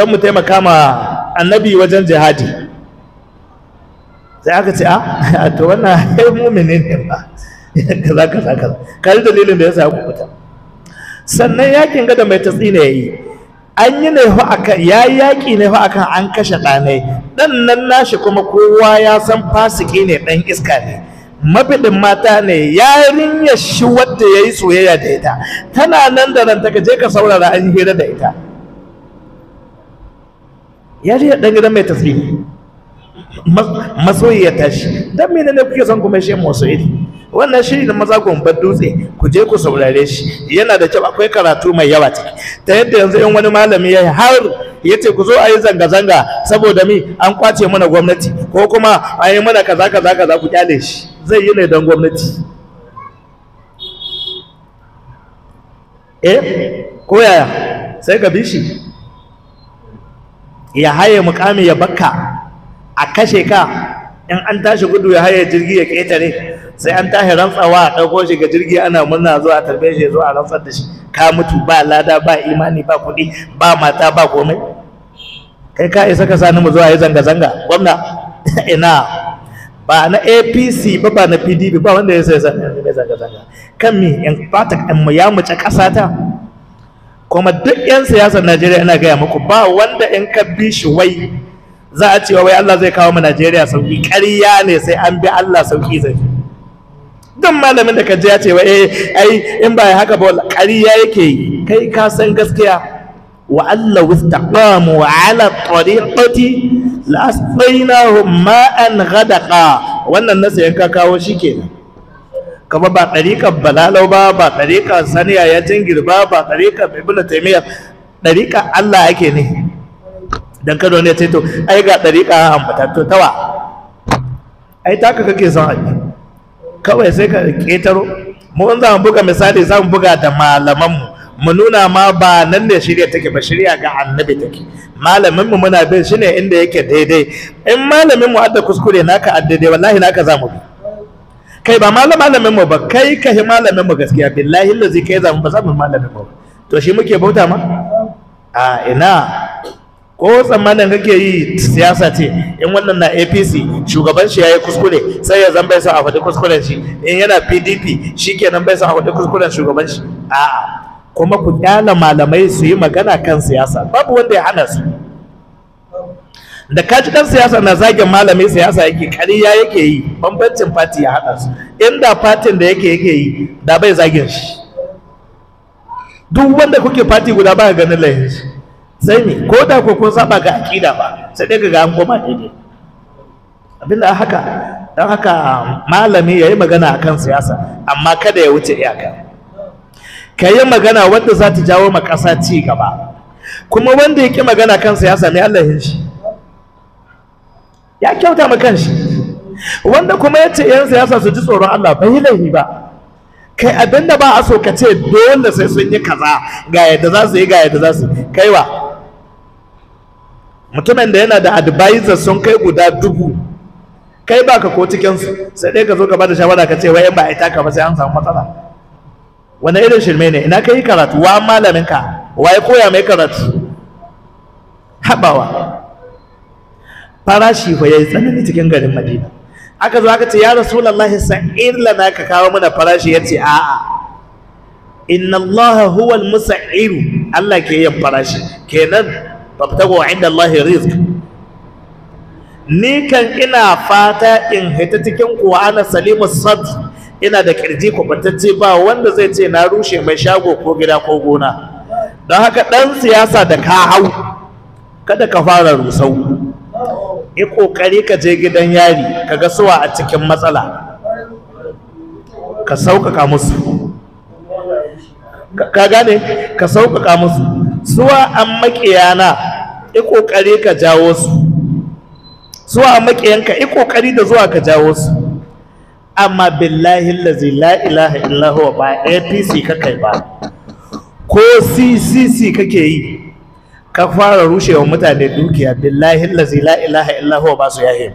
don mu taimaka ma annabi wajen jihadi sai aka ce a ah, to wannan yi mumini ne ba kaza kaza kaza yi dalilin da ya sa ku fita sannan yakin gada mai tatsi ne yayi an yi ne fa akan ya yaki ne fa akan an kashe ɗanai ɗan nan nashi kuma kowa ya san fasiki ne ɗan iska ne mabiɗin mata ne yarinyar shi wadda ya yi soyayya da ita tana nan da nan ta je ka saurara an hira da ita ya je dan gidan mai tasbihi masoyi ya tashi dan mene ne kuke son kuma shi masoyi wannan shiri na maza gombar dutse ku je ku saurare shi yana da kyau akwai karatu mai yawa ta. ta yadda yanzu in wani malami ya har ya ce ku zo a yi zanga-zanga saboda mi an kwace mana gwamnati ko kuma a yi mana kaza kaza kaza ku kyale shi zai yi ne gwamnati eh ko yaya sai ka bi shi ya haye mukami ya bakka a kashe ka in an tashi gudu ya haye jirgi ya ƙetare sai an tashi rantsawa a ɗauko shi ga jirgi ana murna zuwa a tarbe shi zuwa a rantsar da shi ka mutu ba lada ba imani ba kuɗi ba mata ba komai kai ka isa ka sani mu zuwa yi zanga-zanga gwamna ina ba na apc ba ba na pdp ba wanda ya sai zanga-zanga kan mi in fata ɗan mu ya mace ƙasa ta kuma duk 'yan siyasar najeriya ina gaya muku ba wanda in ka bi shi wai za a cewa wai allah zai kawo mu najeriya sauki ƙarya ne sai an bi allah sauki zai duk malamin da ka ji ya ce wa eh, ai in ba ya haka ba ƙarya yake yi kai ka san gaskiya wa Allah wastaqamu ala tariqati la na, ma'an ghadaqa wannan nasa yanka kawo shikenan kama ba ɗariƙar balalau ba ba ɗariƙar saniya ya jingir ba ba ɗariƙar bibila taimiyya ɗariƙar Allah ake ne Don kada ne ta to ai ga ɗariƙa an to tawa ai taka kake son aji kawai sai ka ƙetaro mu za mu buga misali za mu buga da malamanmu mu nuna ma ba nan ne shirya take ba shirya ga annabi take malaminmu muna bin shi ne inda yake daidai in malaminmu adda kuskure naka addadai, wallahi naka za mu bi kai ba malam malamin mu ba kai ka hi malamin mu gaskiya billahi lazi kai zamu ba za mu malamin mu to shi muke bauta ma a ina ko tsammanin kake yi siyasa ce in wannan na apc shugaban shi yayi kuskure sai ya zan bai a fadi kuskuren shi in yana pdp shi kenan bai sa a fadi kuskuren shugaban shi a'a kuma ku kyala malamai su yi magana kan siyasa babu wanda ya hana su da ka ji dan siyasa na zagin malamin siyasa yake kariya yake yi bambancin fati ya haɗa su inda fatin da yake yake yi da bai zagin shi duk wanda kuke fati guda ba ganin layin shi sai ne ko da ko kun saba ga akida ba sai dai ga an koma daidai abinda haka dan haka malami yayi magana akan siyasa amma kada ya wuce iyaka kayi magana wanda za ta jawo ma ƙasa ci gaba kuma wanda yake magana kan siyasa ne Allah ya shi ya kyauta ma kanshi wanda kuma ya ce ya sa su ji tsoron Allah bai laifi ba kai abinda da ba a so ka ce dole sai sun yi kaza ga yadda za su yi ga yadda za su kaiwa mutumin da yana da advisor sun kai guda dubu kai baka ko cikin su sai dai ka zo ka bada shawara ka ce wai in ba a taka ba sai an samu matsala wani irin shirme ne ina kai karatu wa malamin ka wa ya koya mai karatu habawa farashi fa yayi tsanani cikin garin madina aka zo aka ce ya rasulullahi sa'ir lana ka kawo mana farashi ya ce a'a inna allaha huwa al-musa'ir Allah ke yin farashi kenan fabtago inda allahi rizq ni kan ina fata in hita cikin kuwa ana salimu sad ina da kirji batacce ba wanda zai ce na rushe mai shago ko gida ko gona don haka dan siyasa da ka hau kada ka fara rusau yi ƙoƙari ka je gidan yari ka ga suwa a cikin matsala ka sauƙaƙa musu ka gane ka sauƙaƙa musu suwa an maƙiyana yi ƙoƙari ka jawo su suwa an maƙiyanka yi ƙoƙari da zuwa ka jawo su amma billahi lazi la ilaha illahu ba apc kakai ba ko ccc kake yi ka fara rushewa mutane dukiya billahi lazi la ilaha illahu ba su yahe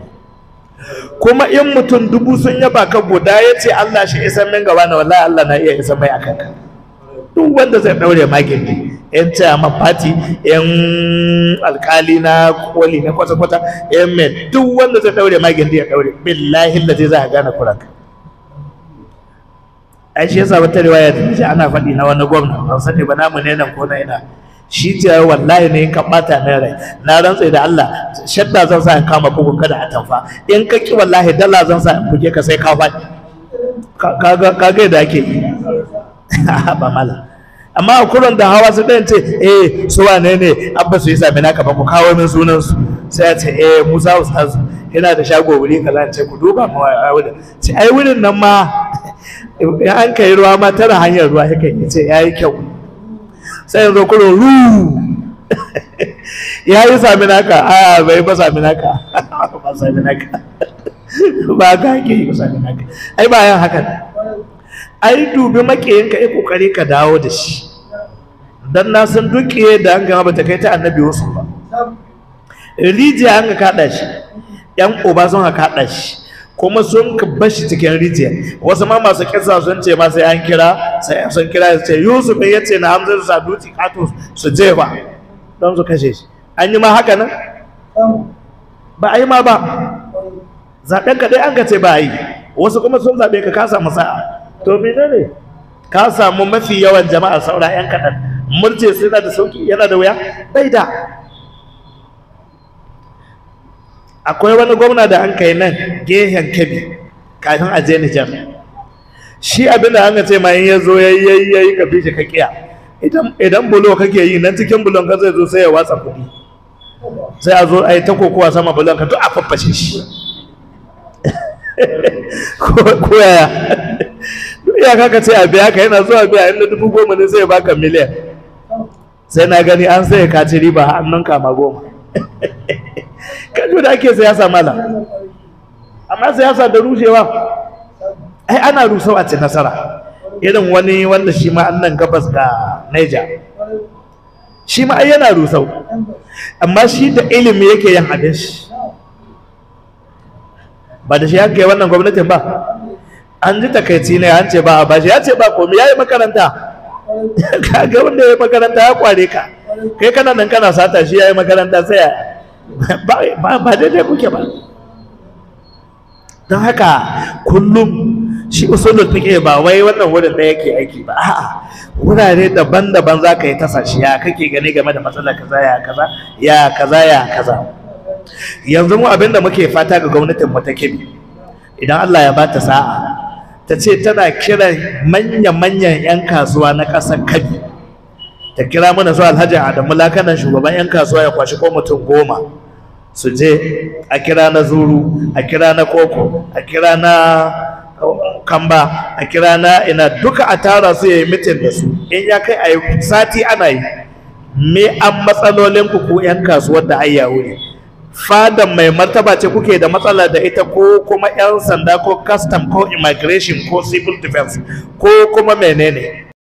kuma in mutum dubu sun yaba ka guda ya ce Allah shi isa min gaba na wallahi Allah na iya isa mai a kanka duk wanda zai daure magin ne yan chairman party yan alkali na koli na kwata-kwata yan mai duk wanda zai daure magin ya daure billahi lazi za a gane kuranka ai shi yasa wata riwaya da ana faɗi na wani gwamna ban sani ba namu ne nan ko na ina shi ce wallahi ne in ka bata na rai na rantsa da Allah shadda zan sa in kama bugun kada a tamfa in ka ki wallahi dala zan sa in buge ka sai ka fadi kaga kaga da ake yi ba mala amma a kurin da hawa su ɗan ce eh su wane ne abba su yi sami ka ba ku kawo min sunan su sai a ce eh musa ustazu yana da shago wuri kaza ce ku duba ma wurin ce ai wurin nan ma an kai ruwa ma tara hanyar ruwa yakan ce yayi kyau sai yanzu kuro ru ya yi sami naka a bai ba sami naka ba sami naka ba ka ke yi ba sami naka ai ba yan haka ai dubi makiyinka yi kokari ka dawo da shi dan na san da an gama bata kai ta annabi wasu ba rijiya an ka kada shi yan uba sun ka kada shi kuma sun bashi cikin rijiya wasu ma masu kisa sun ce ma sai an kira sai sun kira su ce yusuf ya ce na hamzar sa duti kato su jefa don su kashe shi an yi ma haka nan ba a yi ma ba zaɓen ka dai an ka ce ba a yi wasu kuma sun zaɓe ka kasa samu sa'a to ne? ka samu mafi yawan jama'a saura yan kaɗan murje suna da sauki yana da wuya bai da akwai wani gwamna da an kai nan gehen kabi kafin a je Nijar shi abin da an ce ma in ya yi yayi yi ka bi shi ka kiya idan bulo bulo kake yi nan cikin bulon ka zai zo sai ya watsa kuɗi sai a zo a yi ta kokowa sama bulon ka duk a faffashe shi ko yaya duk ya kaka ce a biya ka yana zuwa biya inda dubu goma ne sai ya baka miliyan sai na gani an sai ka ci riba an nan kama goma kajo da ake siyasa mala amma siyasa da rushewa ai ana rusau a ce nasara irin wani wanda shi ma annan gabas ga Niger shi ma ai yana rusau amma shi da ilimi yake yin abin shi ba da shi haka yi wannan gwamnatin ba an ji takaici ne an ce ba a bashi ya ce ba komi ya yi makaranta ga wanda ya yi makaranta ya kware ka kai kana nan kana sata shi ya yi makaranta sai ya ba daidai kuke ba don haka kullum shi usulul ke ba wai wannan wurin da yake aiki ba a'a wurare daban-daban za ka yi shi ya kake gani game da matsalar kaza ya kaza ya kaza ya kaza yanzu mu abinda muke fata ga gwamnatin mu ta kebe idan Allah ya bata sa'a ta ce tana kiran manya-manyan 'yan kasuwa na ƙasar kabi ta kira mana zuwa alhaji adamu lakanan shugaban 'yan kasuwa ya kwashi ko mutum goma su je a kira na zuru a kira na koko a kira na kamba a kira na ina duka a tara su ya yi mitin da su in ya kai a yi sati ana yi me an matsalolin ku ku 'yan kasuwar da ayyahu ne fadan mai martaba ce kuke da matsala da ita ko kuma 'yan sanda ko custom ko immigration ko civil defense ko kuma menene